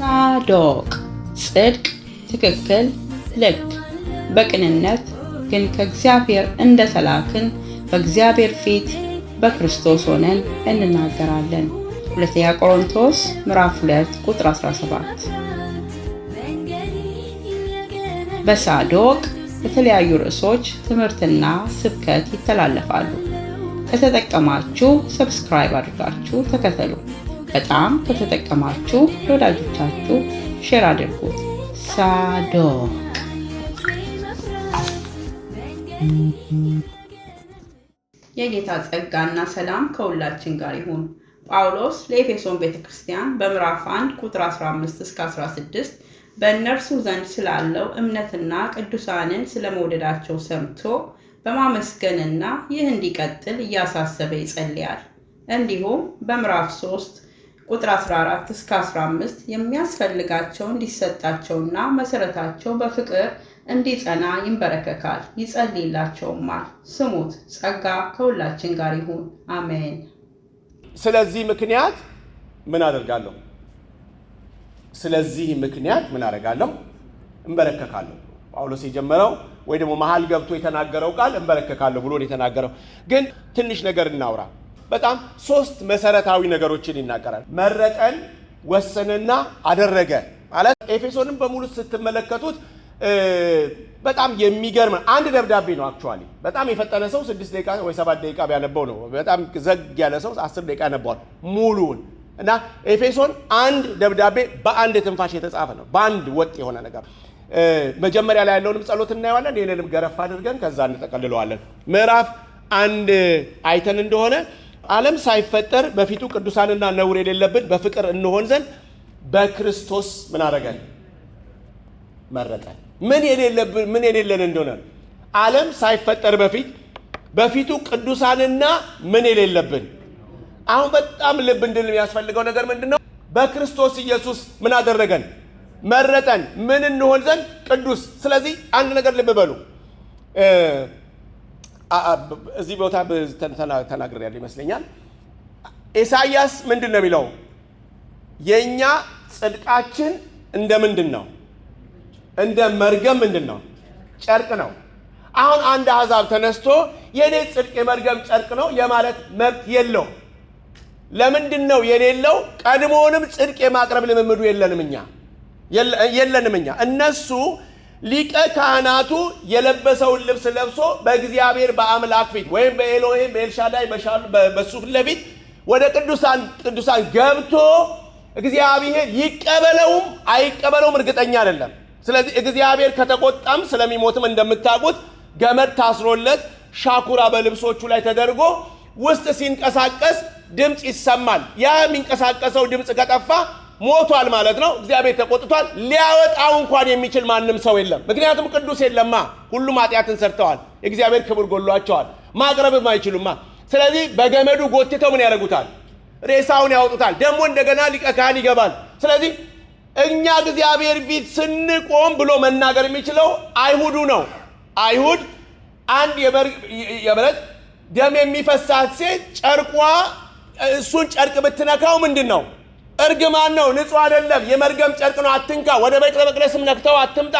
ሳዶቅ ጽድቅ፣ ትክክል፣ ልክ፣ በቅንነት ግን ከእግዚአብሔር እንደ ተላክን በእግዚአብሔር ፊት በክርስቶስ ሆነን እንናገራለን። ሁለተኛ ቆሮንቶስ ምዕራፍ 2 ቁጥር 17 በሳዶቅ የተለያዩ ርዕሶች ትምህርትና ስብከት ይተላለፋሉ። ከተጠቀማችሁ ሰብስክራይብ አድርጋችሁ ተከተሉ። በጣም ከተጠቀማችሁ ለወዳጆቻችሁ ሼር አድርጉት። ሳዶቅ የጌታ ጸጋና ሰላም ከሁላችን ጋር ይሁን። ጳውሎስ ለኤፌሶን ቤተ ክርስቲያን በምዕራፍ 1 ቁጥር 15 እስከ 16 በእነርሱ ዘንድ ስላለው እምነትና ቅዱሳንን ስለመውደዳቸው ሰምቶ በማመስገንና ይህ እንዲቀጥል እያሳሰበ ይጸልያል። እንዲሁም በምዕራፍ 3 ቁጥር 14 እስከ 15 የሚያስፈልጋቸው እንዲሰጣቸውና መሰረታቸው በፍቅር እንዲጸና ይንበረከካል፣ ይጸልይላቸውማል። ስሙት። ጸጋ ከሁላችን ጋር ይሁን፣ አሜን። ስለዚህ ምክንያት ምን አደርጋለሁ ስለዚህ ምክንያት ምን አደርጋለሁ? እንበረከካለሁ። ጳውሎስ የጀመረው ወይ ደግሞ መሀል ገብቶ የተናገረው ቃል እንበረከካለሁ ብሎ የተናገረው ግን ትንሽ ነገር እናውራ። በጣም ሶስት መሰረታዊ ነገሮችን ይናገራል። መረጠን፣ ወሰነና አደረገ ማለት ኤፌሶንን በሙሉ ስትመለከቱት በጣም የሚገርም አንድ ደብዳቤ ነው። አክቹዋሊ በጣም የፈጠነ ሰው ስድስት ደቂቃ ወይ ሰባት ደቂቃ ቢያነበው ነው። በጣም ዘግ ያለ ሰው አስር ደቂቃ ያነበዋል ሙሉውን እና ኤፌሶን አንድ ደብዳቤ በአንድ ትንፋሽ የተጻፈ ነው። በአንድ ወጥ የሆነ ነገር መጀመሪያ ላይ ያለውንም ጸሎት እናየዋለን። ይህንንም ገረፍ አድርገን ከዛ እንጠቀልለዋለን። ምዕራፍ አንድ አይተን እንደሆነ ዓለም ሳይፈጠር በፊቱ ቅዱሳንና ነውር የሌለብን በፍቅር እንሆን ዘንድ በክርስቶስ ምን አረገን? መረጠን። ምን የሌለብን ምን የሌለን እንደሆነ ዓለም ሳይፈጠር በፊት በፊቱ ቅዱሳንና ምን የሌለብን አሁን በጣም ልብ እንድል የሚያስፈልገው ነገር ምንድን ነው? በክርስቶስ ኢየሱስ ምን አደረገን? መረጠን። ምን እንሆን ዘንድ ቅዱስ። ስለዚህ አንድ ነገር ልብ በሉ። እዚህ ቦታ ያለ ይመስለኛል። ኢሳይያስ ምንድን ነው የሚለው? የእኛ ጽድቃችን እንደ ምንድን ነው? እንደ መርገም ምንድን ነው? ጨርቅ ነው። አሁን አንድ አሕዛብ ተነስቶ የእኔ ጽድቅ የመርገም ጨርቅ ነው የማለት መብት የለው ለምንድን ነው የሌለው? ቀድሞውንም ጽድቅ የማቅረብ ልምምዱ የለንም እኛ የለንም እኛ። እነሱ ሊቀ ካህናቱ የለበሰውን ልብስ ለብሶ በእግዚአብሔር በአምላክ ፊት ወይም በኤሎሄም በኤልሻዳይ በሱ ፊት ለፊት ወደ ቅዱሳን ቅዱሳን ገብቶ እግዚአብሔር ይቀበለውም አይቀበለውም እርግጠኛ አይደለም። ስለዚህ እግዚአብሔር ከተቆጣም ስለሚሞትም እንደምታውቁት ገመድ ታስሮለት ሻኩራ በልብሶቹ ላይ ተደርጎ ውስጥ ሲንቀሳቀስ ድምፅ ይሰማል። ያ የሚንቀሳቀሰው ድምፅ ከጠፋ ሞቷል ማለት ነው። እግዚአብሔር ተቆጥቷል። ሊያወጣው እንኳን የሚችል ማንም ሰው የለም። ምክንያቱም ቅዱስ የለማ። ሁሉም ኃጢአትን ሰርተዋል። እግዚአብሔር ክብር ጎሏቸዋል። ማቅረብም አይችሉማ። ስለዚህ በገመዱ ጎትተው ምን ያደርጉታል? ሬሳውን ያወጡታል። ደግሞ እንደገና ሊቀ ካህን ይገባል። ስለዚህ እኛ እግዚአብሔር ፊት ስንቆም ብሎ መናገር የሚችለው አይሁዱ ነው። አይሁድ አንድ የበረት ደም የሚፈሳት ሴት ጨርቋ እሱን ጨርቅ ብትነካው ምንድን ነው? እርግማን ነው፣ ንጹህ አይደለም፣ የመርገም ጨርቅ ነው፣ አትንካ። ወደ ቤተ መቅደስም ነክተው አትምጣ፣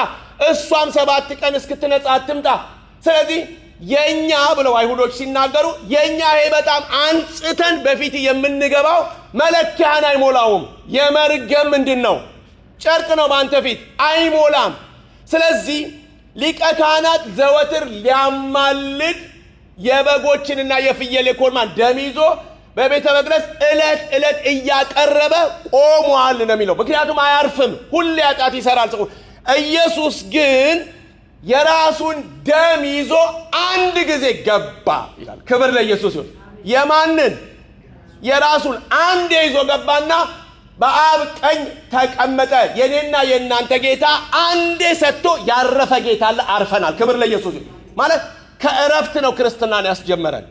እሷም ሰባት ቀን እስክትነጻ አትምጣ። ስለዚህ የእኛ ብለው አይሁዶች ሲናገሩ የእኛ ይሄ በጣም አንጽተን በፊት የምንገባው መለኪያን አይሞላውም። የመርገም ምንድን ነው ጨርቅ ነው፣ በአንተ ፊት አይሞላም። ስለዚህ ሊቀ ካህናት ዘወትር ሊያማልድ የበጎችንና የፍየል የኮርማን ደም ይዞ በቤተ መቅደስ ዕለት ዕለት እያቀረበ ቆሟል ነው የሚለው። ምክንያቱም አያርፍም፣ ሁሌ ኃጢአት ይሰራል ኢየሱስ ግን የራሱን ደም ይዞ አንድ ጊዜ ገባ ይላል። ክብር ለኢየሱስ ይሁን። የማንን የራሱን አንዴ ይዞ ገባና በአብ ቀኝ ተቀመጠ። የኔና የእናንተ ጌታ አንዴ ሰጥቶ ያረፈ ጌታ አለ። አርፈናል። ክብር ለኢየሱስ ይሁን። ማለት ከእረፍት ነው ክርስትናን ያስጀመረን።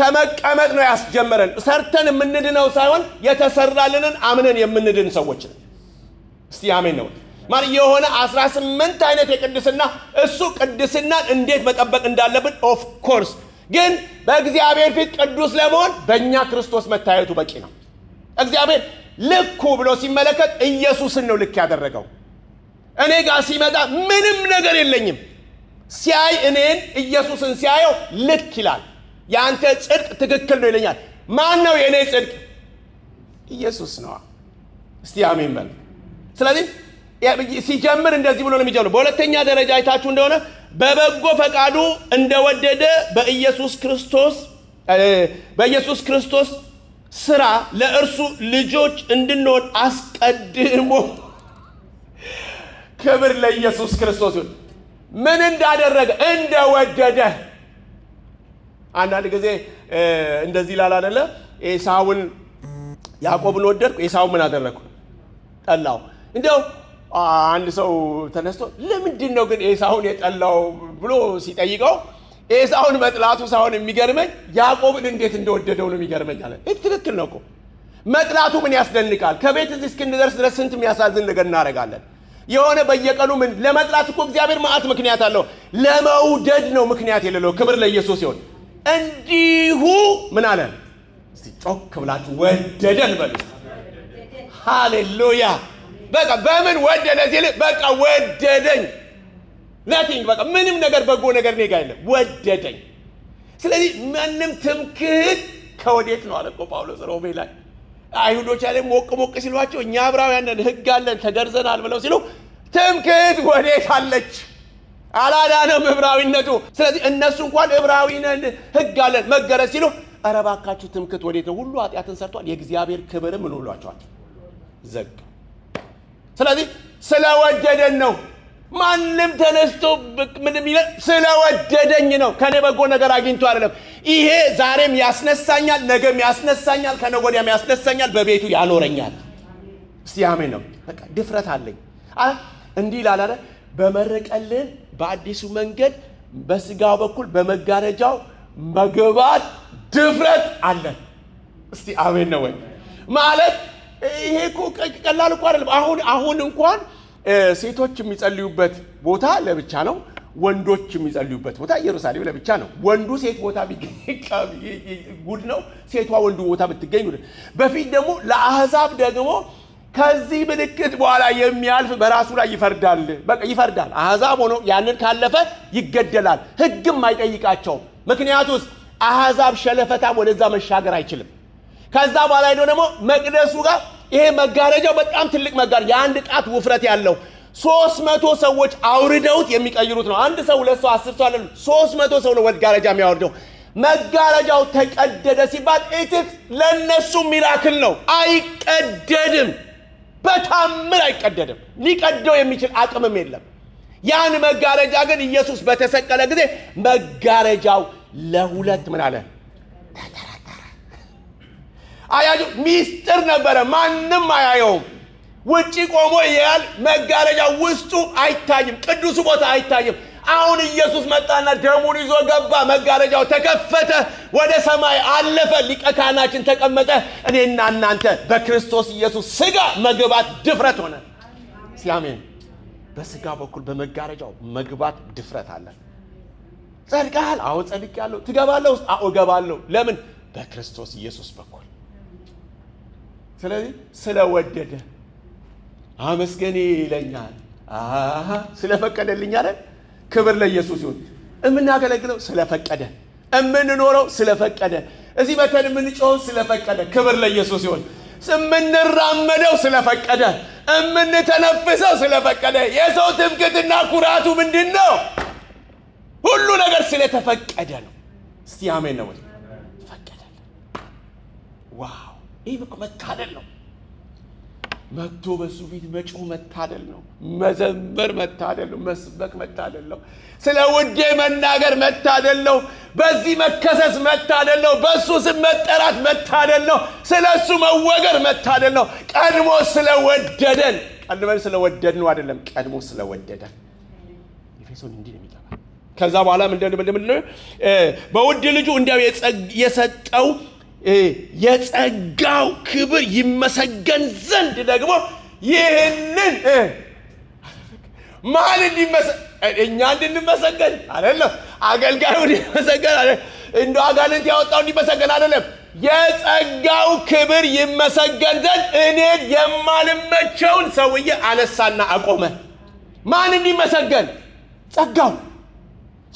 ከመቀመጥ ነው ያስጀመረን። ሰርተን የምንድነው ሳይሆን የተሰራልንን አምነን የምንድን ሰዎች ነን። እስቲ አሜን ነው ማለት የሆነ 18 አይነት የቅድስና እሱ ቅድስናን እንዴት መጠበቅ እንዳለብን ኦፍ ኮርስ ግን በእግዚአብሔር ፊት ቅዱስ ለመሆን በእኛ ክርስቶስ መታየቱ በቂ ነው። እግዚአብሔር ልኩ ብሎ ሲመለከት ኢየሱስን ነው ልክ ያደረገው። እኔ ጋር ሲመጣ ምንም ነገር የለኝም። ሲያይ እኔን ኢየሱስን ሲያየው ልክ ይላል። የአንተ ጽድቅ ትክክል ነው ይለኛል። ማን ነው የእኔ ጽድቅ? ኢየሱስ ነዋ። እስቲ አሜን በል። ስለዚህ ሲጀምር እንደዚህ ብሎ ነው የሚጀምረው። በሁለተኛ ደረጃ አይታችሁ እንደሆነ በበጎ ፈቃዱ እንደወደደ በኢየሱስ ክርስቶስ በኢየሱስ ክርስቶስ ስራ ለእርሱ ልጆች እንድንሆን አስቀድሞ ክብር ለኢየሱስ ክርስቶስ ይሁን። ምን እንዳደረገ እንደወደደ አንዳንድ ጊዜ እንደዚህ ይላል አደለ? ኤሳውን ያዕቆብን ወደድኩ፣ ኤሳውን ምን አደረግኩ? ጠላው። እንዲያው አንድ ሰው ተነስቶ ለምንድን ነው ግን ኤሳውን የጠላው ብሎ ሲጠይቀው ኤሳውን መጥላቱ ሳይሆን የሚገርመኝ ያዕቆብን እንዴት እንደወደደው ነው የሚገርመኝ አለ። ትክክል ነው እኮ መጥላቱ ምን ያስደንቃል? ከቤት እዚህ እስክንደርስ ድረስ ስንት የሚያሳዝን ነገር እናደርጋለን። የሆነ በየቀኑ ምን ለመጥላት እኮ እግዚአብሔር መዓት ምክንያት አለው። ለመውደድ ነው ምክንያት የሌለው። ክብር ለኢየሱስ ሲሆን? እንዲሁ ምን አለን? ጮክ ብላችሁ ወደደን በሉ። ሃሌሉያ። በቃ በምን ወደደ ሲል በቃ ወደደኝ። ናቲንግ በቃ ምንም ነገር በጎ ነገር እኔ ጋር የለም። ወደደኝ። ስለዚህ ማንም ትምክህት ከወዴት ነው አለ እኮ ጳውሎስ ሮሜ ላይ አይሁዶች ላይ ሞቅ ሞቅ ሲሏቸው እኛ ዕብራውያን ሕግ አለን ተገርዘናል ብለው ሲሉ ትምክህት ወዴት አለች? አላዳነም ዕብራዊነቱ። ስለዚህ እነሱ እንኳን ዕብራዊ ነን ሕግ አለን መገረዝ ሲሉ ኧረ እባካችሁ ትምክት ወዴት ነው? ሁሉ ኃጢአትን ሰርቷል፣ የእግዚአብሔር ክብርም ምን ዘግ። ስለዚህ ስለወደደን ነው። ማንም ተነስቶ ምንም ይለ ስለወደደኝ ነው። ከኔ በጎ ነገር አግኝቶ አይደለም። ይሄ ዛሬም ያስነሳኛል፣ ነገም ያስነሳኛል፣ ከነጎዳም ያስነሳኛል፣ በቤቱ ያኖረኛል። እስቲ አሜን ነው። በቃ ድፍረት አለኝ። እንዲህ ይላል በመረቀልን በአዲሱ መንገድ በስጋው በኩል በመጋረጃው መግባት ድፍረት አለን። እስቲ አሜን ነው ወይ? ማለት ይሄ እኮ ቀላል እኮ አይደለም። አሁን አሁን እንኳን ሴቶች የሚጸልዩበት ቦታ ለብቻ ነው። ወንዶች የሚጸልዩበት ቦታ ኢየሩሳሌም ለብቻ ነው። ወንዱ ሴት ቦታ ጉድ ነው። ሴቷ ወንዱ ቦታ ብትገኝ። በፊት ደግሞ ለአህዛብ ደግሞ ከዚህ ምልክት በኋላ የሚያልፍ በራሱ ላይ ይፈርዳል። በቃ ይፈርዳል። አሕዛብ ሆኖ ያንን ካለፈ ይገደላል። ሕግም አይጠይቃቸውም። ምክንያቱስ አሕዛብ ሸለፈታም ወደዛ መሻገር አይችልም። ከዛ በኋላ ሄዶ ደግሞ መቅደሱ ጋር ይሄ መጋረጃው በጣም ትልቅ መጋረጃ የአንድ ጣት ውፍረት ያለው ሶስት መቶ ሰዎች አውርደውት የሚቀይሩት ነው። አንድ ሰው፣ ሁለት ሰው፣ አስር ሰው አለ። ሶስት መቶ ሰው ነው መጋረጃ የሚያወርደው። መጋረጃው ተቀደደ ሲባል ኢትስ ለእነሱ ሚራክል ነው። አይቀደድም። በታምር አይቀደድም። ሊቀደው የሚችል አቅምም የለም። ያን መጋረጃ ግን ኢየሱስ በተሰቀለ ጊዜ መጋረጃው ለሁለት ምን አለ ተጠረጠረ። አያዩ ሚስጥር ነበረ። ማንም አያየውም። ውጭ ቆሞ ያያል። መጋረጃ ውስጡ አይታይም። ቅዱሱ ቦታ አይታይም። አሁን ኢየሱስ መጣና ደሙን ይዞ ገባ። መጋረጃው ተከፈተ፣ ወደ ሰማይ አለፈ፣ ሊቀ ካህናችን ተቀመጠ። እኔና እናንተ በክርስቶስ ኢየሱስ ስጋ መግባት ድፍረት ሆነ። ሲያሜን በስጋ በኩል በመጋረጃው መግባት ድፍረት አለን። ጸድቃል? አዎ ያለው ትገባለህ ውስጥ? አዎ እገባለሁ። ለምን? በክርስቶስ ኢየሱስ በኩል ስለዚህ ስለወደደ አመስገኔ ይለኛል፣ ስለፈቀደልኝ አይደል ክብር ለኢየሱስ ይሁን። የምናገለግለው ስለፈቀደ፣ የምንኖረው ስለፈቀደ፣ እዚህ መተን የምንጮኸው ስለፈቀደ፣ ክብር ለኢየሱስ ይሁን። የምንራመደው ስለፈቀደ፣ የምንተነፍሰው ስለፈቀደ። የሰው ትምክትና ኩራቱ ምንድን ነው? ሁሉ ነገር ስለተፈቀደ ነው። እስቲ አሜን ነው። ፈቀደልን። ዋው! ይህ መታደል ነው። መጥቶ በሱ ፊት መጮ መታደል ነው። መዘመር መታደል ነው። መስበክ መታደል ነው። ስለ ውዴ መናገር መታደል ነው። በዚህ መከሰስ መታደል ነው። በእሱ ስም መጠራት መታደል ነው። ስለ እሱ መወገር መታደል ነው። ቀድሞ ስለወደደን ቀድመን ስለወደድ ነው አይደለም፣ ቀድሞ ስለወደደን ኤፌሶን እንዲህ ነው የሚገባ ከዛ በኋላ ምንድን ነው በውድ ልጁ እንዲያው የሰጠው የጸጋው ክብር ይመሰገን ዘንድ ደግሞ ይህንን ማን እኛ እንድንመሰገን አይደለም፣ አገልጋዩ እንዲመሰገን እንደ አጋንንት ያወጣው እንዲመሰገን አይደለም። የጸጋው ክብር ይመሰገን ዘንድ እኔን የማልመቸውን ሰውዬ አነሳና አቆመ። ማን እንዲመሰገን? ጸጋው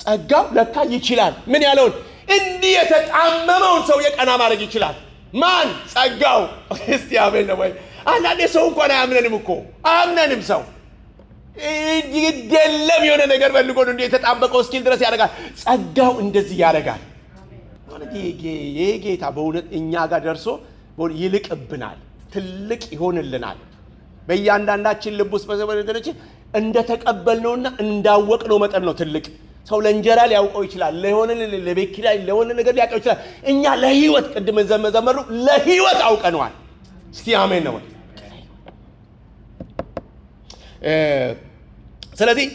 ጸጋው ለካ ይችላል። ምን ያለውን እንዲህ የተጣመመውን ሰው የቀና ማድረግ ይችላል። ማን ጸጋው። እስቲ አሜን ነው ወይ? አንዳንዴ ሰው እንኳን አያምነንም እኮ አያምነንም። ሰው ይደለም የሆነ ነገር ፈልጎ እንዲ የተጣበቀው እስኪል ድረስ ያደርጋል። ጸጋው እንደዚህ ያደርጋል። ይሄ ጌታ በእውነት እኛ ጋር ደርሶ ይልቅብናል፣ ትልቅ ይሆንልናል። በእያንዳንዳችን ልብ ውስጥ በዘመን እንደተቀበልነውና እንዳወቅነው መጠን ነው ትልቅ ሰው ለእንጀራ ሊያውቀው ይችላል። ለሆነ ለቤት ኪራይ፣ ለሆነ ነገር ሊያውቀው ይችላል። እኛ ለህይወት ቅድም ዘመዘመሩ ለህይወት አውቀነዋል። እስቲ አሜን ነው። ስለዚህ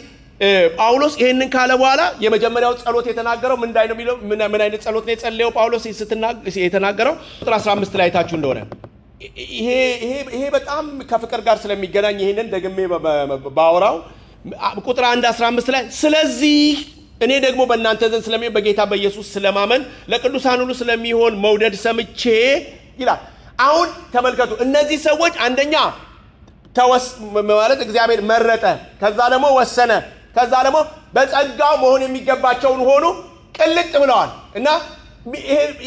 ጳውሎስ ይህንን ካለ በኋላ የመጀመሪያው ጸሎት የተናገረው ምን ነው የሚለው ምን አይነት ጸሎት ነው የጸለየው ጳውሎስ የተናገረው ቁጥር 15 ላይ ታችሁ እንደሆነ ይሄ በጣም ከፍቅር ጋር ስለሚገናኝ ይህንን ደግሜ ባወራው ቁጥር 1 15 ላይ ስለዚህ እኔ ደግሞ በእናንተ ዘንድ ስለሚሆን በጌታ በኢየሱስ ስለማመን ለቅዱሳን ሁሉ ስለሚሆን መውደድ ሰምቼ ይላል። አሁን ተመልከቱ፣ እነዚህ ሰዎች አንደኛ ማለት እግዚአብሔር መረጠ፣ ከዛ ደግሞ ወሰነ፣ ከዛ ደግሞ በጸጋው መሆን የሚገባቸውን ሆኑ፣ ቅልጥ ብለዋል እና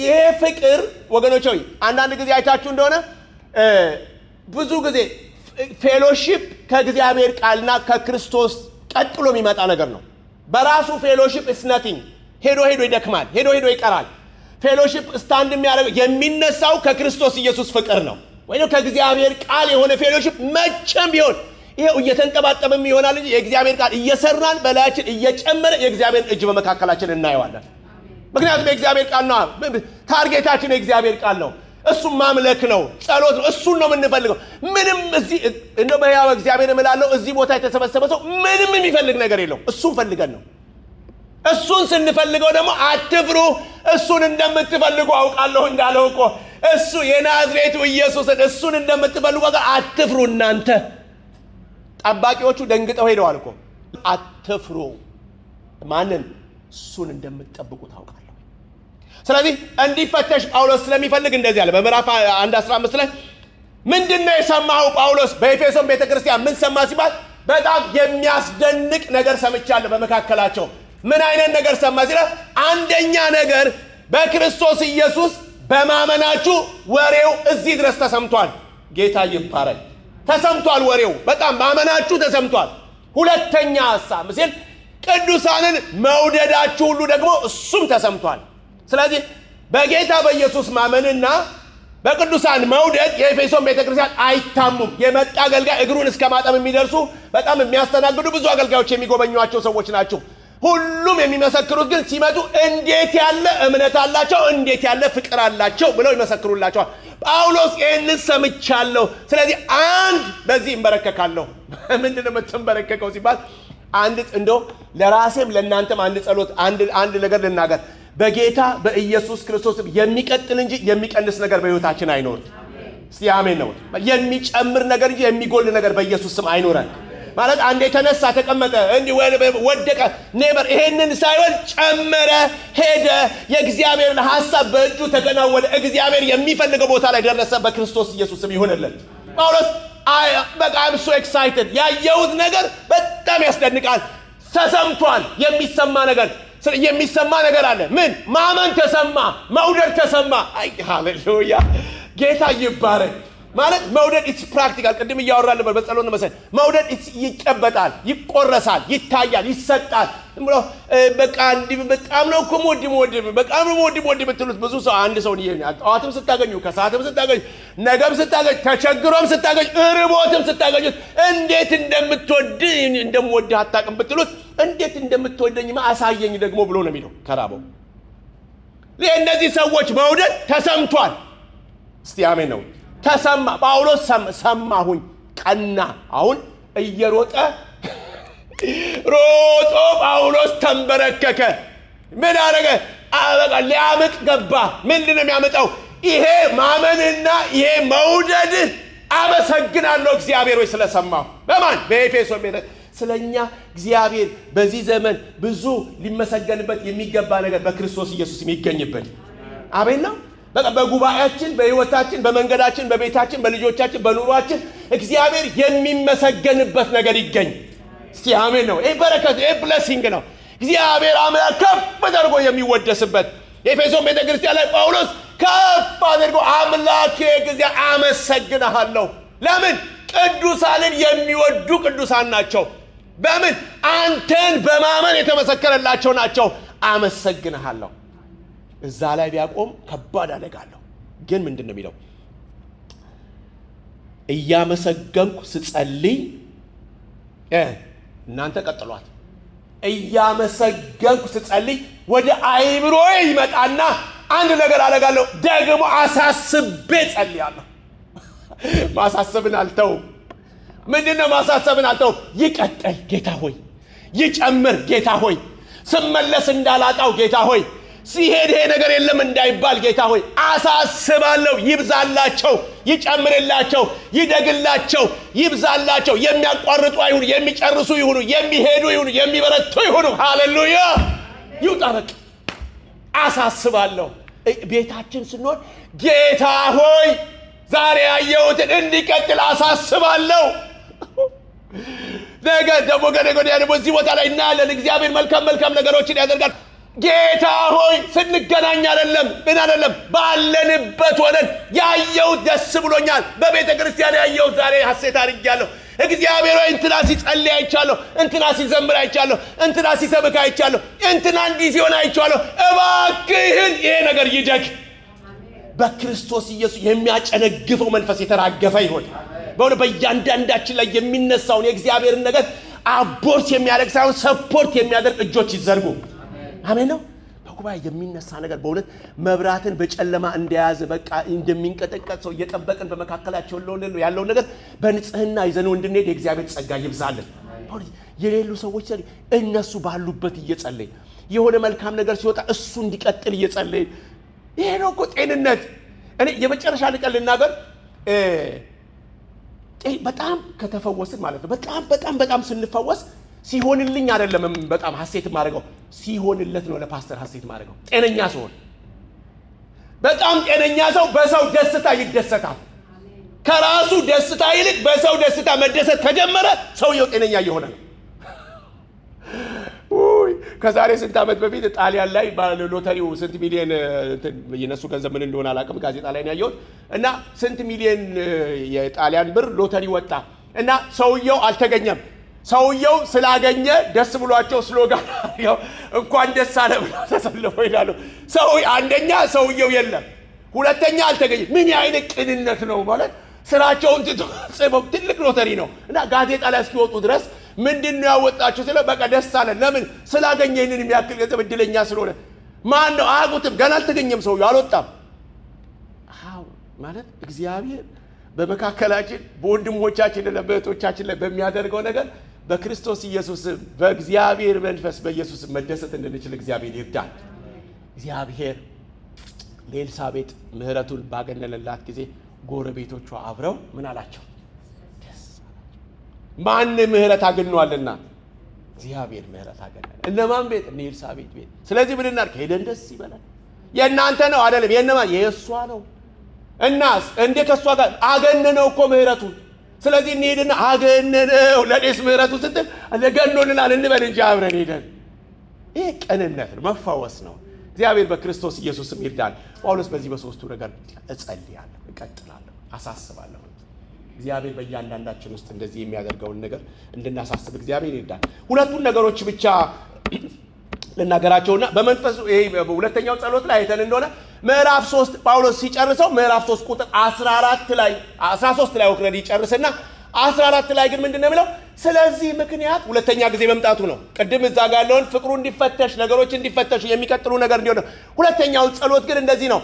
ይሄ ፍቅር ወገኖች ሆይ አንዳንድ ጊዜ አይታችሁ እንደሆነ ብዙ ጊዜ ፌሎሺፕ ከእግዚአብሔር ቃልና ከክርስቶስ ቀጥሎ የሚመጣ ነገር ነው። በራሱ ፌሎሺፕ እስነቲንግ ሄዶ ሄዶ ይደክማል፣ ሄዶ ሄዶ ይቀራል። ፌሎሺፕ ስታንድ የሚያደርገው የሚነሳው ከክርስቶስ ኢየሱስ ፍቅር ነው ወይም ከእግዚአብሔር ቃል የሆነ ፌሎሺፕ መቼም ቢሆን ይሄው እየተንጠባጠብም ይሆናል እንጂ የእግዚአብሔር ቃል እየሰራን በላያችን እየጨመረ የእግዚአብሔር እጅ በመካከላችን እናየዋለን። ምክንያቱም የእግዚአብሔር ቃል ነው፣ ታርጌታችን የእግዚአብሔር ቃል ነው። እሱም ማምለክ ነው፣ ጸሎት ነው። እሱን ነው የምንፈልገው። ምንም እዚህ እንደ በሕያው እግዚአብሔር እምላለሁ እዚህ ቦታ የተሰበሰበ ሰው ምንም የሚፈልግ ነገር የለው። እሱን ፈልገን ነው። እሱን ስንፈልገው ደግሞ አትፍሩ፣ እሱን እንደምትፈልጉ አውቃለሁ እንዳለው እኮ እሱ የናዝሬቱ ኢየሱስን እሱን እንደምትፈልጉ ጋር አትፍሩ። እናንተ ጠባቂዎቹ ደንግጠው ሄደዋል እኮ አትፍሩ። ማንን? እሱን እንደምትጠብቁ ታውቃል ስለዚህ እንዲፈተሽ ጳውሎስ ስለሚፈልግ እንደዚህ አለ። በምዕራፍ 1 15 ላይ ምንድን ነው የሰማኸው ጳውሎስ በኤፌሶን ቤተ ክርስቲያን ምን ሰማ ሲባል በጣም የሚያስደንቅ ነገር ሰምቻለሁ። በመካከላቸው ምን አይነት ነገር ሰማ ሲለ አንደኛ ነገር በክርስቶስ ኢየሱስ በማመናችሁ ወሬው እዚህ ድረስ ተሰምቷል። ጌታ ይባረክ። ተሰምቷል፣ ወሬው በጣም ማመናችሁ ተሰምቷል። ሁለተኛ ሀሳብ ሲል ቅዱሳንን መውደዳችሁ ሁሉ ደግሞ እሱም ተሰምቷል። ስለዚህ በጌታ በኢየሱስ ማመንና በቅዱሳን መውደድ የኤፌሶን ቤተክርስቲያን አይታሙም። የመጣ አገልጋይ እግሩን እስከ ማጠብ የሚደርሱ በጣም የሚያስተናግዱ ብዙ አገልጋዮች የሚጎበኟቸው ሰዎች ናቸው። ሁሉም የሚመሰክሩት ግን ሲመጡ እንዴት ያለ እምነት አላቸው፣ እንዴት ያለ ፍቅር አላቸው ብለው ይመሰክሩላቸዋል። ጳውሎስ ይህንን ሰምቻለሁ፣ ስለዚህ አንድ በዚህ እንበረከካለሁ። ምንድን የምትንበረከከው ሲባል አንድ እንደው ለራሴም ለእናንተም አንድ ጸሎት አንድ ነገር ልናገር በጌታ በኢየሱስ ክርስቶስ የሚቀጥል እንጂ የሚቀንስ ነገር በሕይወታችን አይኖርም። እስቲ አሜን ነው። የሚጨምር ነገር እንጂ የሚጎል ነገር በኢየሱስ ስም አይኖረን። ማለት አንዴ ተነሳ፣ ተቀመጠ፣ እንዲህ ወደቀ፣ ኔበር ይሄንን ሳይሆን ጨመረ፣ ሄደ። የእግዚአብሔርን ሀሳብ በእጁ ተከናወነ። እግዚአብሔር የሚፈልገው ቦታ ላይ ደረሰ። በክርስቶስ ኢየሱስ ስም ይሆንልን። ጳውሎስ በጣም ሶ ኤክሳይትድ ያየሁት ነገር በጣም ያስደንቃል። ተሰምቷል የሚሰማ ነገር የሚሰማ ነገር አለ። ምን ማመን ተሰማ፣ መውደድ ተሰማ። አይ ሃሌሉያ፣ ጌታ ይባረክ። ማለት መውደድ ኢትስ ፕራክቲካል። ቅድም እያወራ ነበር በጸሎት መሰል መውደድ ኢትስ ይጨበጣል፣ ይቆረሳል፣ ይታያል፣ ይሰጣል። ብሎ በቃ እንዲህ በጣም ነው እኮ ወድ ወድ በጣም ነው ወድ ወድ የምትሉት ብዙ ሰው አንድ ሰው ነው ጠዋትም ስታገኙ፣ ከሰዓትም ስታገኙ፣ ነገም ስታገኝ፣ ተቸግሮም ስታገኝ፣ እርቦትም ስታገኙት እንዴት እንደምትወድ እንደምወድ አታውቅም ብትሉት እንዴት እንደምትወደኝ አሳየኝ ደግሞ ብሎ ነው የሚለው ከራበው። እነዚህ ሰዎች መውደድ ተሰምቷል። እስቲ አሜን ነው ተሰማ። ጳውሎስ ሰማሁኝ፣ ቀና። አሁን እየሮጠ ሮጦ ጳውሎስ ተንበረከከ። ምን አረገ? አበቃ። ሊያምጥ ገባ። ምንድን ነው የሚያምጠው? ይሄ ማመንና ይሄ መውደድ አመሰግናለሁ እግዚአብሔር ወይ ስለሰማሁ። በማን በኤፌሶ ቤተ ስለ እኛ እግዚአብሔር በዚህ ዘመን ብዙ ሊመሰገንበት የሚገባ ነገር በክርስቶስ ኢየሱስ የሚገኝበት አቤት ነው። በቃ በጉባኤያችን፣ በህይወታችን፣ በመንገዳችን፣ በቤታችን፣ በልጆቻችን፣ በኑሯችን እግዚአብሔር የሚመሰገንበት ነገር ይገኝ። እስቲ አሜን ነው። ይህ በረከት ይህ ብለሲንግ ነው። እግዚአብሔር አምላክ ከፍ አድርጎ የሚወደስበት የኤፌሶን ቤተ ክርስቲያን ላይ ጳውሎስ ከፍ አድርጎ አምላኬ ጊዜ አመሰግንሃለሁ። ለምን? ቅዱሳንን የሚወዱ ቅዱሳን ናቸው። በምን? አንተን በማመን የተመሰከረላቸው ናቸው። አመሰግንሃለሁ እዛ ላይ ቢያቆም ከባድ አደጋለሁ። አለው። ግን ምንድን ነው የሚለው? እያመሰገንኩ ስጸልይ እናንተ ቀጥሏት። እያመሰገንኩ ስጸልይ ወደ አይምሮዬ ይመጣና አንድ ነገር አደርጋለሁ፣ ደግሞ አሳስቤ ጸልያለሁ። ማሳሰብን አልተው ምንድን ነው ማሳሰብን አልተው? ይቀጠል ጌታ ሆይ፣ ይጨምር ጌታ ሆይ፣ ስመለስ እንዳላጣው ጌታ ሆይ ሲሄድ ይሄ ነገር የለም እንዳይባል ጌታ ሆይ አሳስባለሁ። ይብዛላቸው፣ ይጨምርላቸው፣ ይደግላቸው፣ ይብዛላቸው። የሚያቋርጡ አይሁኑ፣ የሚጨርሱ ይሁኑ፣ የሚሄዱ ይሁኑ፣ የሚበረቱ ይሁኑ። ሃሌሉያ። ይውጣ በቃ አሳስባለሁ። ቤታችን ስንሆን ጌታ ሆይ ዛሬ ያየሁትን እንዲቀጥል አሳስባለሁ። ነገ ደግሞ ገደጎዲያ ወዲያ ደግሞ እዚህ ቦታ ላይ እናያለን። እግዚአብሔር መልካም መልካም ነገሮችን ያደርጋል። ጌታ ሆይ ስንገናኝ አደለም ምን አደለም ባለንበት ሆነን ያየሁት ደስ ብሎኛል። በቤተ ክርስቲያን ያየሁት ዛሬ ሐሴት አድርጌያለሁ። እግዚአብሔር ሆይ እንትና ሲጸልይ አይቻለሁ፣ እንትና ሲዘምር አይቻለሁ፣ እንትና ሲሰብክ አይቻለሁ፣ እንትና እንዲህ ሲሆን አይቻለሁ። እባክህን ይሄ ነገር ይደግ። በክርስቶስ ኢየሱስ የሚያጨነግፈው መንፈስ የተራገፈ ይሆን በሆነ በእያንዳንዳችን ላይ የሚነሳውን የእግዚአብሔርን ነገር አቦርት የሚያደርግ ሳይሆን ሰፖርት የሚያደርግ እጆች ይዘርጉ። አሜን ነው። በጉባኤ የሚነሳ ነገር በእውነት መብራትን በጨለማ እንደያዘ በቃ እንደሚንቀጠቀጥ ሰው እየጠበቅን በመካከላቸው ያለውን ነገር በንጽህና ይዘን እንድንሄድ የእግዚአብሔር ጸጋ ይብዛለን። የሌሉ ሰዎች እነሱ ባሉበት እየጸለይ የሆነ መልካም ነገር ሲወጣ እሱ እንዲቀጥል እየጸለይ ይሄ ነው እኮ ጤንነት። እኔ የመጨረሻ ልቀል ልናገር በጣም ከተፈወስን ማለት ነው በጣም በጣም በጣም ስንፈወስ ሲሆንልኝ አይደለም በጣም ሀሴት ማድረገው ሲሆንለት ነው። ለፓስተር ሀሴት ማድረገው ጤነኛ ሲሆን በጣም ጤነኛ ሰው በሰው ደስታ ይደሰታል። ከራሱ ደስታ ይልቅ በሰው ደስታ መደሰት ከጀመረ ሰውየው ጤነኛ እየሆነ ነው። ከዛሬ ስንት ዓመት በፊት ጣሊያን ላይ ሎተሪው ስንት ሚሊዮን የነሱ ገንዘብ ምን እንደሆነ አላውቅም፣ ጋዜጣ ላይ ያየሁት። እና ስንት ሚሊዮን የጣሊያን ብር ሎተሪ ወጣ እና ሰውየው አልተገኘም። ሰውየው ስላገኘ ደስ ብሏቸው ስሎጋን እንኳን ደስ አለ ብላ ተሰልፎ ይላሉ። ሰው አንደኛ ሰውየው የለም፣ ሁለተኛ አልተገኘ። ምን አይነት ቅንነት ነው ማለት ስራቸውን ጽፈው ትልቅ ሎተሪ ነው እና ጋዜጣ ላይ እስኪወጡ ድረስ ምንድን ነው ያወጣችሁ? ስለ በቃ ደስ አለን። ለምን ስላገኘ ይህንን የሚያክል ገንዘብ እድለኛ ስለሆነ። ማን ነው አያውቁትም። ገና አልተገኘም። ሰውየው አልወጣም። አዎ ማለት እግዚአብሔር በመካከላችን በወንድሞቻችን፣ በእህቶቻችን ላይ በሚያደርገው ነገር በክርስቶስ ኢየሱስ በእግዚአብሔር መንፈስ በኢየሱስ መደሰት እንድንችል እግዚአብሔር ይርዳል። እግዚአብሔር ለኤልሳቤጥ ምሕረቱን ባገነነላት ጊዜ ጎረቤቶቿ አብረው ምን አላቸው? ማን ምሕረት አገኘዋልና እግዚአብሔር ምሕረት አገኘን። እነማን ቤት? እነ ኤልሳቤጥ ቤት። ስለዚህ ምን እናድርግ? ሄደን ደስ ይበላል። የእናንተ ነው አይደለም፣ የእነማን የእሷ ነው። እናስ እንዴ ከእሷ ጋር አገነነው እኮ ምሕረቱን ስለዚህ እንሄድና አገነነው ለዴስ ምህረቱ ስትል ገኖልናል እንበል እንጂ አብረን ሄደን ይህ ቅንነት ነው፣ መፈወስ ነው። እግዚአብሔር በክርስቶስ ኢየሱስም ይርዳል። ጳውሎስ በዚህ በሶስቱ ነገር እጸልያለሁ፣ እቀጥላለሁ፣ አሳስባለሁ። እግዚአብሔር በእያንዳንዳችን ውስጥ እንደዚህ የሚያደርገውን ነገር እንድናሳስብ እግዚአብሔር ይርዳል። ሁለቱን ነገሮች ብቻ ልናገራቸውና በመንፈሱ ይሄ ሁለተኛው ጸሎት ላይ አይተን እንደሆነ ምዕራፍ 3 ጳውሎስ ሲጨርሰው ምዕራፍ 3 ቁጥር 14 ላይ 13 ላይ ወክረድ ይጨርስና 14 ላይ ግን ምንድን ነው የሚለው? ስለዚህ ምክንያት ሁለተኛ ጊዜ መምጣቱ ነው። ቅድም እዛ ጋር ያለውን ፍቅሩ እንዲፈተሽ፣ ነገሮች እንዲፈተሹ፣ የሚቀጥሉ ነገር እንዲሆነ። ሁለተኛው ጸሎት ግን እንደዚህ ነው።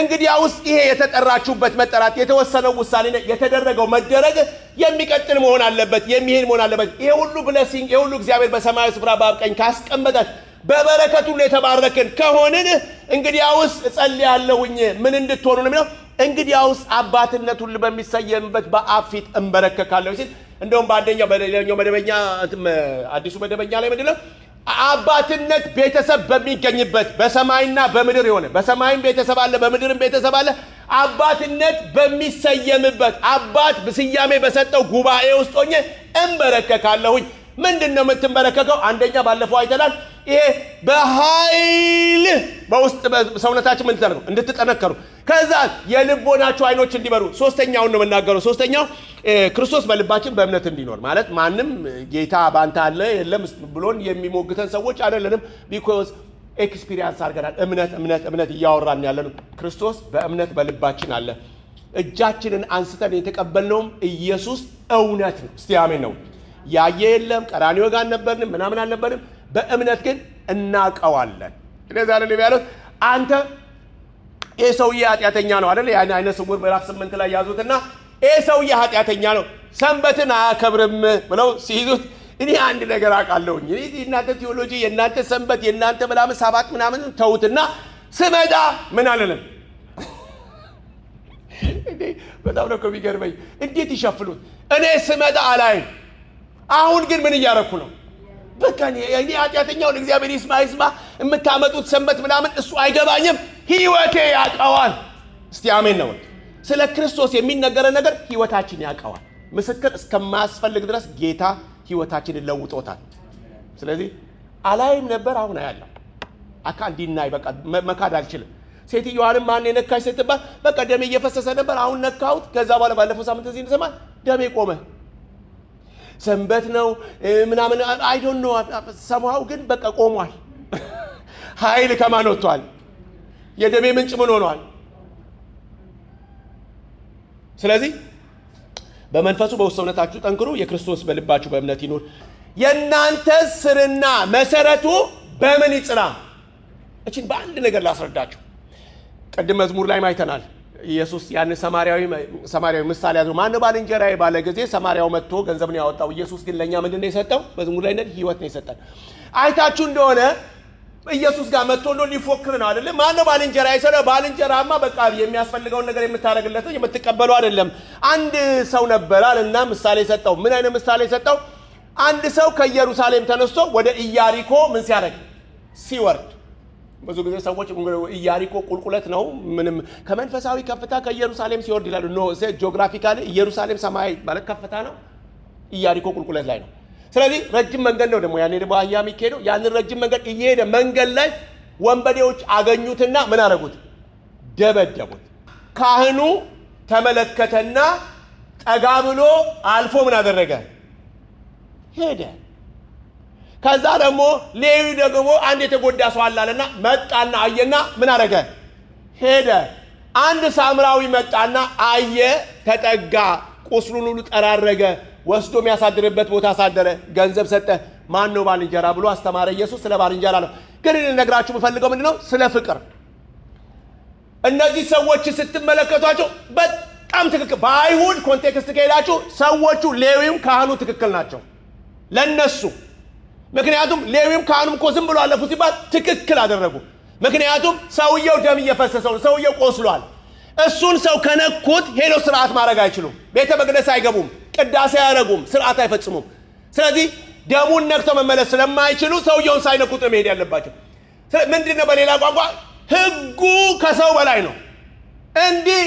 እንግዲያውስ ይሄ የተጠራችሁበት መጠራት የተወሰነው ውሳኔ የተደረገው መደረግ የሚቀጥል መሆን አለበት፣ የሚሄድ መሆን አለበት። ይሄ ሁሉ ብለሲንግ፣ ይሄ ሁሉ እግዚአብሔር በሰማያዊ ስፍራ በአብ ቀኝ ካስቀመጠት በበረከቱ ሁሉ የተባረክን ከሆንን እንግዲያውስ እጸልያለሁኝ ምን እንድትሆኑ ነው የሚለው እንግዲያውስ አባትነት ሁሉ በሚሰየምበት በአብ ፊት እንበረከካለሁ ሲል እንደውም በአንደኛው በሌላኛው መደበኛ አዲሱ መደበኛ ላይ ምንድነው አባትነት ቤተሰብ በሚገኝበት በሰማይና በምድር የሆነ በሰማይም ቤተሰብ አለ፣ በምድርም ቤተሰብ አለ። አባትነት በሚሰየምበት አባት ስያሜ በሰጠው ጉባኤ ውስጥ ሆኜ እንበረከካለሁኝ። ምንድን ነው የምትንበረከከው? አንደኛ ባለፈው አይተናል። ይሄ በኃይል በውስጥ ሰውነታችን ምን ተደረገው እንድትጠነከሩ፣ ከዛ የልቦናችሁ አይኖች እንዲበሩ። ሶስተኛውን ነው የምናገረው። ሶስተኛው ክርስቶስ በልባችን በእምነት እንዲኖር ማለት ማንም ጌታ ባንተ አለ የለም ብሎን የሚሞግተን ሰዎች አይደለንም። ቢኮዝ ኤክስፒሪንስ አድርገናል። እምነት እምነት እምነት እያወራን ያለ ክርስቶስ በእምነት በልባችን አለ። እጃችንን አንስተን የተቀበልነውም ኢየሱስ እውነት ነው። እስቲ አሜን ነው። ያየ የለም ቀራንዮ ጋር አልነበርንም ምናምን አልነበርንም በእምነት ግን እናቀዋለን። ስለዚ አለ ያሉት አንተ ይህ ሰውዬ ኃጢአተኛ ነው አይደል? ያን አይነ ስውር ምዕራፍ ስምንት ላይ ያዙትና ይህ ሰውዬ ኃጢአተኛ ነው ሰንበትን አያከብርም ብለው ሲይዙት እኔ አንድ ነገር አውቃለሁኝ የእናንተ ቴዎሎጂ የእናንተ ሰንበት የእናንተ ምናምን ሰባት ምናምን ተውትና ስመጣ ምን አለንም በጣም ነው የሚገርመኝ እንዴት ይሸፍሉት እኔ ስመጣ አላይም አሁን ግን ምን እያረኩ ነው በቃ እኔ ኃጢአተኛውን እግዚአብሔር ይስማ ይስማ የምታመጡት ሰንበት ምናምን እሱ አይገባኝም። ህይወቴ ያውቀዋል። እስቲ አሜን ነው። ስለ ክርስቶስ የሚነገረ ነገር ህይወታችን ያውቀዋል። ምስክር እስከማያስፈልግ ድረስ ጌታ ህይወታችንን ለውጦታል። ስለዚህ አላይም ነበር አሁን አያለሁ። አካ እንዲናይ በቃ መካድ አልችልም። ሴትዮዋንም ማን የነካች ስትባል በቃ ደሜ እየፈሰሰ ነበር አሁን ነካሁት። ከዛ በኋላ ባለፈው ሳምንት እዚህ እንደሰማ ደሜ ቆመ። ሰንበት ነው ምናምን አይዶን ነው። ሰማው ግን በቃ ቆሟል። ኃይል ከማን ወጥቷል? የደሜ ምንጭ ምን ሆኗል? ስለዚህ በመንፈሱ በውስጥነታችሁ ጠንክሩ፣ የክርስቶስ በልባችሁ በእምነት ይኑር። የእናንተ ስርና መሰረቱ በምን ይጽና? እችን በአንድ ነገር ላስረዳችሁ። ቅድም መዝሙር ላይ ማይተናል። ኢየሱስ ያን ሰማሪያዊ ምሳሌ ያዘው። ማን ባልንጀራዬ ባለ ጊዜ ሰማሪያው መጥቶ ገንዘብ ነው ያወጣው። ኢየሱስ ግን ለእኛ ምንድን ነው የሰጠው? በዝሙት ላይ ነን ህይወት ነው የሰጠን። አይታችሁ እንደሆነ ኢየሱስ ጋር መጥቶ እንደ ሊፎክር ነው አይደለም። ማነው ባልንጀራ ይሰለ ባልንጀራማ በቃ የሚያስፈልገውን ነገር የምታደርግለት የምትቀበለው አይደለም። አንድ ሰው ነበር አለና ምሳሌ ሰጠው። ምን አይነት ምሳሌ ሰጠው? አንድ ሰው ከኢየሩሳሌም ተነስቶ ወደ ኢያሪኮ ምን ሲያደርግ ሲወርድ ብዙ ጊዜ ሰዎች ኢያሪኮ ቁልቁለት ነው ምንም ከመንፈሳዊ ከፍታ ከኢየሩሳሌም ሲወርድ ይላሉ። ኖ ጂኦግራፊካሊ ኢየሩሳሌም ሰማይ ማለት ከፍታ ነው፣ ኢያሪኮ ቁልቁለት ላይ ነው። ስለዚህ ረጅም መንገድ ነው። ደግሞ ያኔ ደግሞ አህያ የሚካሄደው ያንን ረጅም መንገድ እየሄደ መንገድ ላይ ወንበዴዎች አገኙትና ምን አደረጉት? ደበደቡት። ካህኑ ተመለከተና ጠጋ ብሎ አልፎ ምን አደረገ? ሄደ። ከዛ ደግሞ ሌዊ ደግሞ አንድ የተጎዳ ሰው አላለና መጣና አየና ምን አደረገ? ሄደ። አንድ ሳምራዊ መጣና አየ፣ ተጠጋ፣ ቁስሉን ሁሉ ጠራረገ፣ ወስዶ የሚያሳድርበት ቦታ አሳደረ፣ ገንዘብ ሰጠ። ማን ነው ባልንጀራ ብሎ አስተማረ። ኢየሱስ ስለ ባልንጀራ ነው። ግን ልነግራችሁ የምፈልገው ምንድን ነው? ስለ ፍቅር። እነዚህ ሰዎች ስትመለከቷቸው በጣም ትክክል በአይሁድ ኮንቴክስት ከሄዳችሁ ሰዎቹ ሌዊም ካህኑ ትክክል ናቸው ለነሱ ምክንያቱም ሌዊም ካህኑም እኮ ዝም ብሎ አለፉ ሲባል ትክክል አደረጉ። ምክንያቱም ሰውየው ደም እየፈሰሰው ሰውየው ቆስሏል። እሱን ሰው ከነኩት ሄሎ ስርዓት ማድረግ አይችሉም። ቤተ መቅደስ አይገቡም፣ ቅዳሴ አያረጉም፣ ስርዓት አይፈጽሙም። ስለዚህ ደሙን ነክተው መመለስ ስለማይችሉ ሰውየውን ሳይነኩት መሄድ ያለባቸው ምንድን ነው? በሌላ ቋንቋ ህጉ ከሰው በላይ ነው። እንዲህ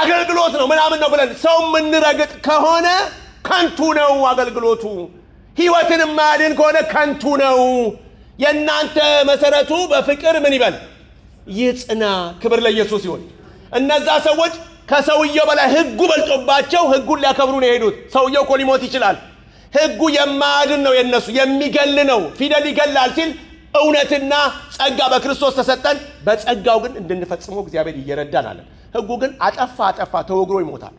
አገልግሎት ነው ምናምን ነው ብለን ሰው የምንረግጥ ከሆነ ከንቱ ነው አገልግሎቱ። ሕይወትን ማድን ከሆነ ከንቱ ነው። የእናንተ መሰረቱ በፍቅር ምን ይበል ይጽና። ክብር ለኢየሱስ ይሁን። እነዛ ሰዎች ከሰውየው በላይ ህጉ በልጦባቸው ህጉን ሊያከብሩ ነው የሄዱት። ሰውየው እኮ ሊሞት ይችላል። ህጉ የማድን ነው የነሱ የሚገል ነው። ፊደል ይገላል ሲል እውነትና ጸጋ በክርስቶስ ተሰጠን። በጸጋው ግን እንድንፈጽመው እግዚአብሔር እየረዳን አለን። ህጉ ግን አጠፋ አጠፋ ተወግሮ ይሞታል።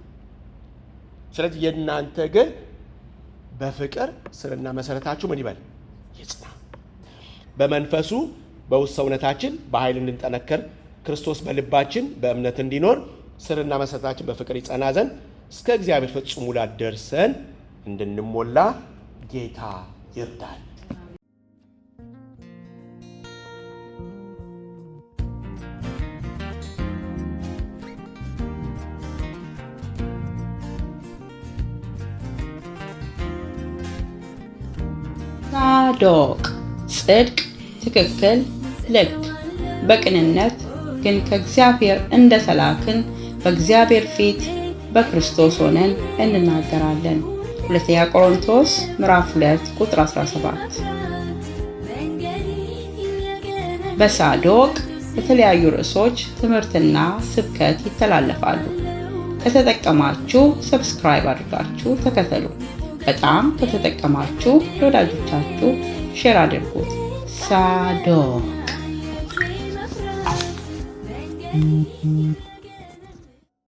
ስለዚህ የእናንተ ግን በፍቅር ስርና መሰረታችሁ ምን ይበል ይጽና። በመንፈሱ በውስጥ ሰውነታችን በኃይል እንድንጠነከር ክርስቶስ በልባችን በእምነት እንዲኖር ስርና መሰረታችን በፍቅር ይጸና ዘንድ እስከ እግዚአብሔር ፍጹም ሙላት ደርሰን እንድንሞላ ጌታ ይርዳል። ዶቅ ጽድቅ፣ ትክክል፣ ልክ፣ በቅንነት ግን ከእግዚአብሔር እንደ ተላክን በእግዚአብሔር ፊት በክርስቶስ ሆነን እንናገራለን። ሁለተኛ ቆሮንቶስ ምዕራፍ 2 ቁጥር 17። በሳዶቅ የተለያዩ ርዕሶች ትምህርትና ስብከት ይተላለፋሉ። ከተጠቀማችሁ ሰብስክራይብ አድርጋችሁ ተከተሉ። በጣም ከተጠቀማችሁ ለወዳጆቻችሁ ሼር አድርጉት። ሳዶቅ